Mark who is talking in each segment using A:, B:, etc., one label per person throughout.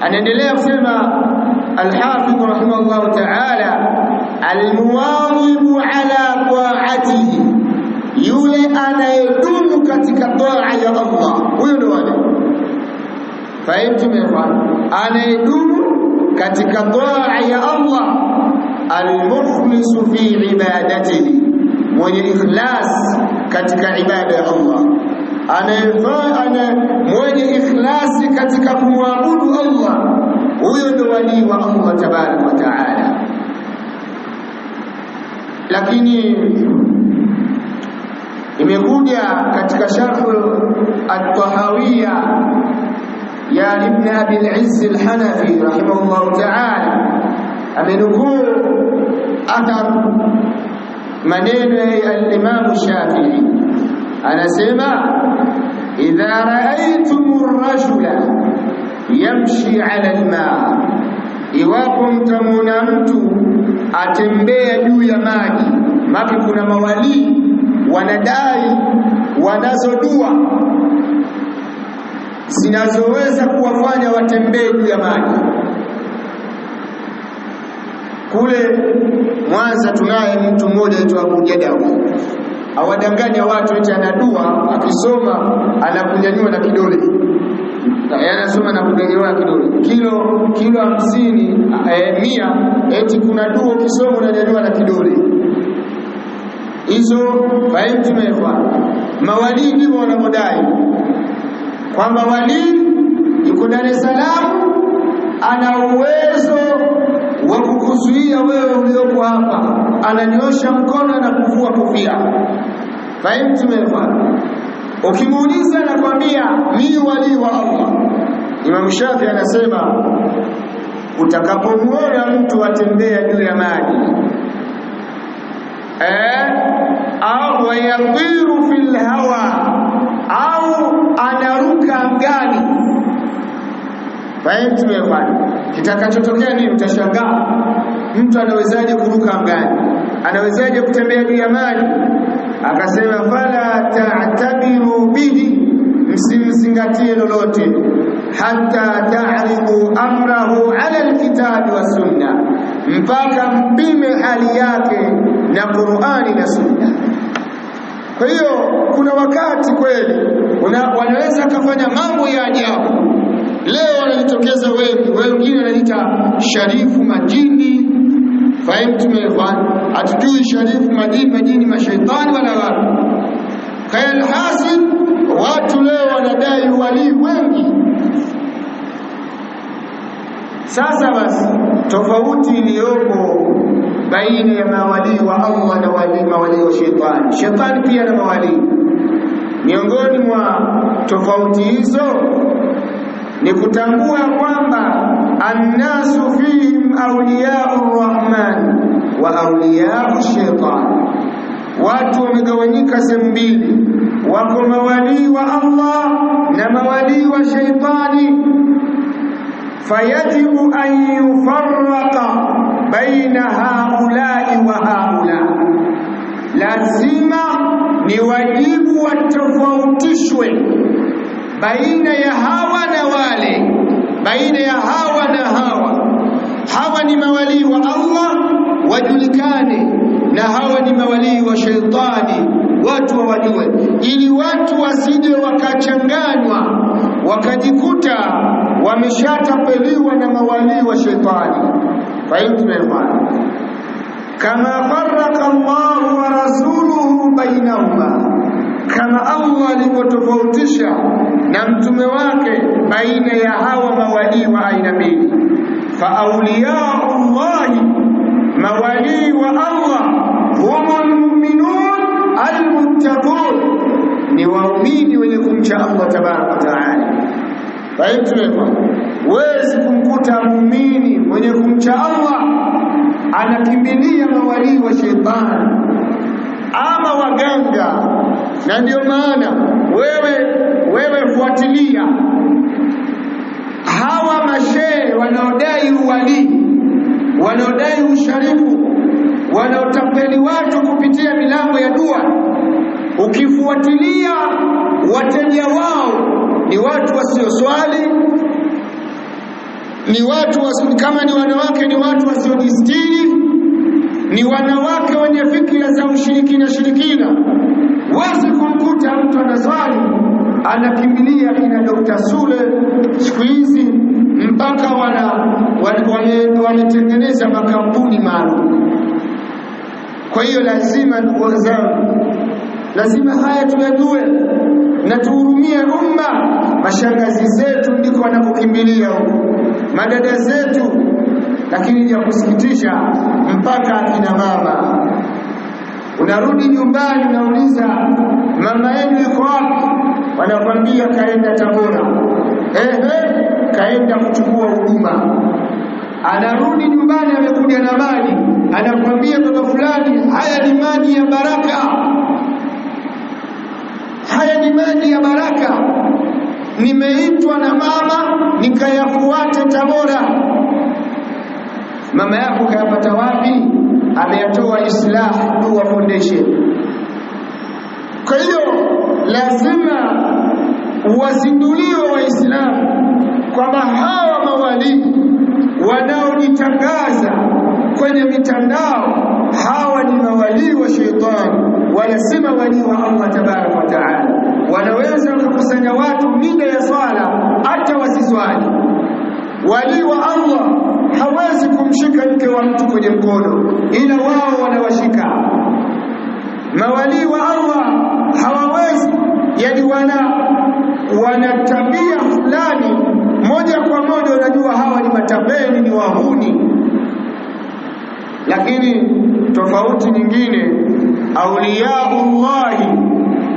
A: anaendelea kusema Alhafidh rahimahullahu taala, almuwadhibu ala taatihi, yule anayedumu katika taa ya Allah, huyo ndio wale fahimu, anayedumu katika taa ya Allah. Almukhlisu fi ibadatihi, mwenye ikhlas katika ibada ya Allah anayefanya mwenye ikhlasi katika kumwabudu Allah, huyo ndo walii wa Allah tabaraka wa taala. Lakini imekuja katika sharhu at-Tahawiyya ya Ibn Abi al-Izz al-Hanafi rahimahullahu taala, amenukuu athar maneno ya al-Imam Shafi'i anasema idha raaitum rajula yamshi ala almaa, iwapo mtamwona mtu atembea juu ya maji. Maki kuna mawalii wanadai wanazodua zinazoweza kuwafanya watembee juu ya maji. Kule Mwanza tunaye mtu mmoja aitwa Abu Jadawi awadanganya watu eti anadua, akisoma anakunyanyua na kidole, anasoma na kunyanyua na kidole, kilo kilo hamsini eh, mia, eti kuna dua ukisoma unanyanyua na kidole. Hizo fahimu mawalii, ndivyo wanavyodai kwamba walii yuko Dar es Salaam ana uwezo wa kukuzuia wewe ulioko hapa ananyosha mkono na kuvua kofia. Fahimtumefana, ukimuuliza anakwambia ni walii wa Allah. Imam Shafi anasema utakapomwona mtu atembea juu ya maji eh, au wayantiru fil hawa au anaruka angani fahimtumefana, kitakachotokea nini? Utashangaa mtu anawezaje kuruka angani anawezaje kutembea juu ya maji? Akasema fala ta'tabiru bihi, msimzingatie lolote, hata ta'ridu amrahu ala alkitabi wa sunna, mpaka mpime hali yake na Qur'ani na sunna. Kwa hiyo kuna wakati kweli wanaweza kufanya mambo ya ajabu. Leo wanajitokeza wengi, wengine wanaita Sharifu Majini Fahimtum ya ikhwan, hatujui sharifu majini majini mashaitani wala watu kael hasid. Watu leo wanadai walii wengi. Sasa basi, tofauti iliyopo baina ya mawalii wa Allah na wali mawalii wa shetani, shetani pia na mawalii. Miongoni mwa tofauti hizo ni kutambua kwamba annasu fihi auliyau rahman wa auliyau shaitani. Watu wamegawanyika sehemu mbili, wako mawalii wa Allah na mawalii wa shaitani. Fayajibu an yufarraqa baina haulai wa haula, lazima ni wajibu watofautishwe baina ya hawa na wale, baina ya hawa na hawa hawa ni mawalii wa Allah wajulikane, na hawa ni mawalii wa sheitani, watu wawajue, ili watu wasije wakachanganywa wakajikuta wameshatapeliwa na mawalii wa sheitani. Kwa hiyo kama faraka Allahu wa rasuluhu bainahuma, kama Allah alivyotofautisha na mtume wake baina ya hawa mawalii wa aina mbili fa auliyau llahi, mawalii wa Allah humu lmuminun almuttaqun, ni waumini wenye kumcha Allah tabaraka wataala. Faitulema, wezi kumkuta muumini mwenye kumcha Allah anakimbilia mawalii wa shetani ama waganga, na ndio maana wewe wewe fuatilia hawa wanaodai uwalii, wanaodai usharifu, wanaotapeli watu kupitia milango ya dua, ukifuatilia wateja wao ni watu wasioswali, ni watu wasi, kama ni wanawake ni watu wasiojistiri, ni wanawake wenye fikira za ushirikina shirikina. Wezi kumkuta mtu anaswali anakimbilia kina Dr. Sula wametengeneza makampuni maalum. Kwa hiyo lazima, ndugu zangu, lazima haya tuyajue na tuhurumie umma. Mashangazi zetu ndiko wanakukimbilia huko, madada zetu, lakini ya kusikitisha, mpaka akina mama unarudi nyumbani, unauliza mama yenu yuko wapi? Wanakwambia kaenda Tabora. Ehe, kaenda kuchukua huduma anarudi nyumbani, amekuja na mali anakwambia toto fulani, haya ni maji ya baraka, haya ni maji ya baraka, nimeitwa na mama nikayafuate Tabora. Mama yako kayapata wapi? Ameyatoa Islah Dua Foundation. Kwa hiyo lazima wazinduliwe Waislamu mitandao, hawa ni mawalii wa shetani, wala si mawalii wa Allah tabaraka wa taala. Wanaweza kukusanya watu mida ya swala hata wasiswali. Walii wa Allah hawezi kumshika mke wa mtu kwenye mkono, ila wao wanawashika. Mawalii wa Allah hawawezi, yani wana wana tabia fulani moja kwa moja, unajua hawa ni matapeli, ni wahuni lakini tofauti nyingine, auliyaullahi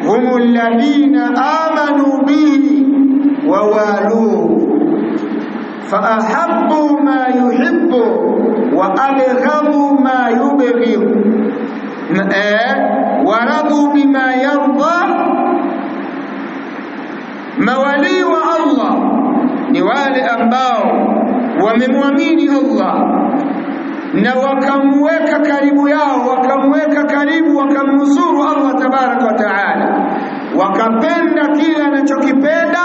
A: humu alladhina amanu bihi wa waluhu faahabu ma yuhibbu wa abghabu ma yubghidu e, waradu bima yarda. Mawalii wa Allah ni wale ambao wamemwamini Allah na wakamweka karibu yao, wakamweka karibu, wakamnusuru Allah tabaraka wa taala, wakapenda kile anachokipenda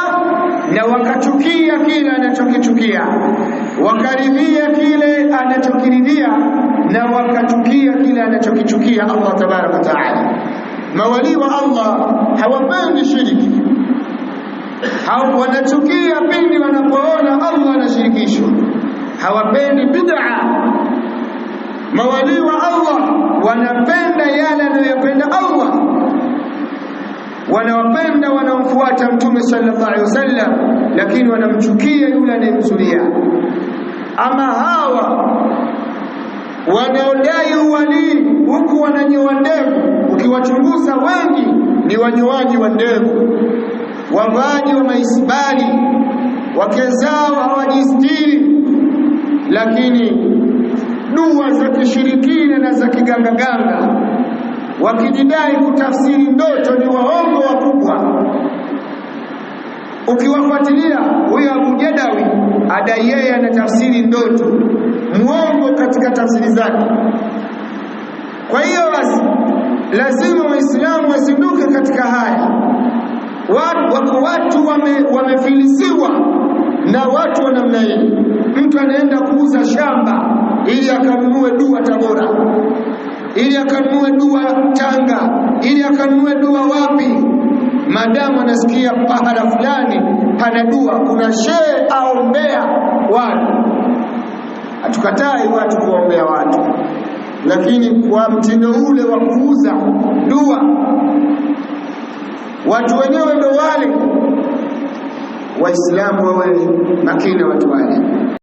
A: na wakachukia kile anachokichukia, wakaridhia kile anachokiridhia na wakachukia kile anachokichukia Allah tabaraka wa taala. Mawalii wa Allah hawapendi shiriki, wanachukia pindi wanapoona Allah anashirikishwa, hawapendi bid'a Mawalii wa Allah wanapenda yale anayopenda Allah, wanawapenda wanaomfuata Mtume sallallahu alaihi wasallam, lakini wanamchukia yule anayemzulia. Ama hawa wanaodai uwalii huku wananyoa ndevu, ukiwachunguza wengi ni wanyoaji wa ndevu, wavaaji wa maisbali, wake zao hawajistiri, lakini dua kishirikina na za kigangaganga, wakijidai kutafsiri ndoto ni waongo wakubwa. Ukiwafuatilia huyo Abu Jadawi adai yeye tafsiri ndoto, mwongo katika tafsiri zake. Kwa hiyo basi lazima Waislamu wasinduke katika haya. Watu, watu wame, wamefilisiwa na watu wa namna hii. Mtu anaenda kuuza shamba ili akanunue dua Tabora, ili akanunue dua Tanga, ili akanunue dua wapi, madamu anasikia pahala fulani pana dua, kuna shehe aombea watu. Hatukatai watu kuwaombea watu, lakini kwa mtindo ule wa kuuza dua, watu wenyewe ndo wale Waislamu wawe makini, watu wale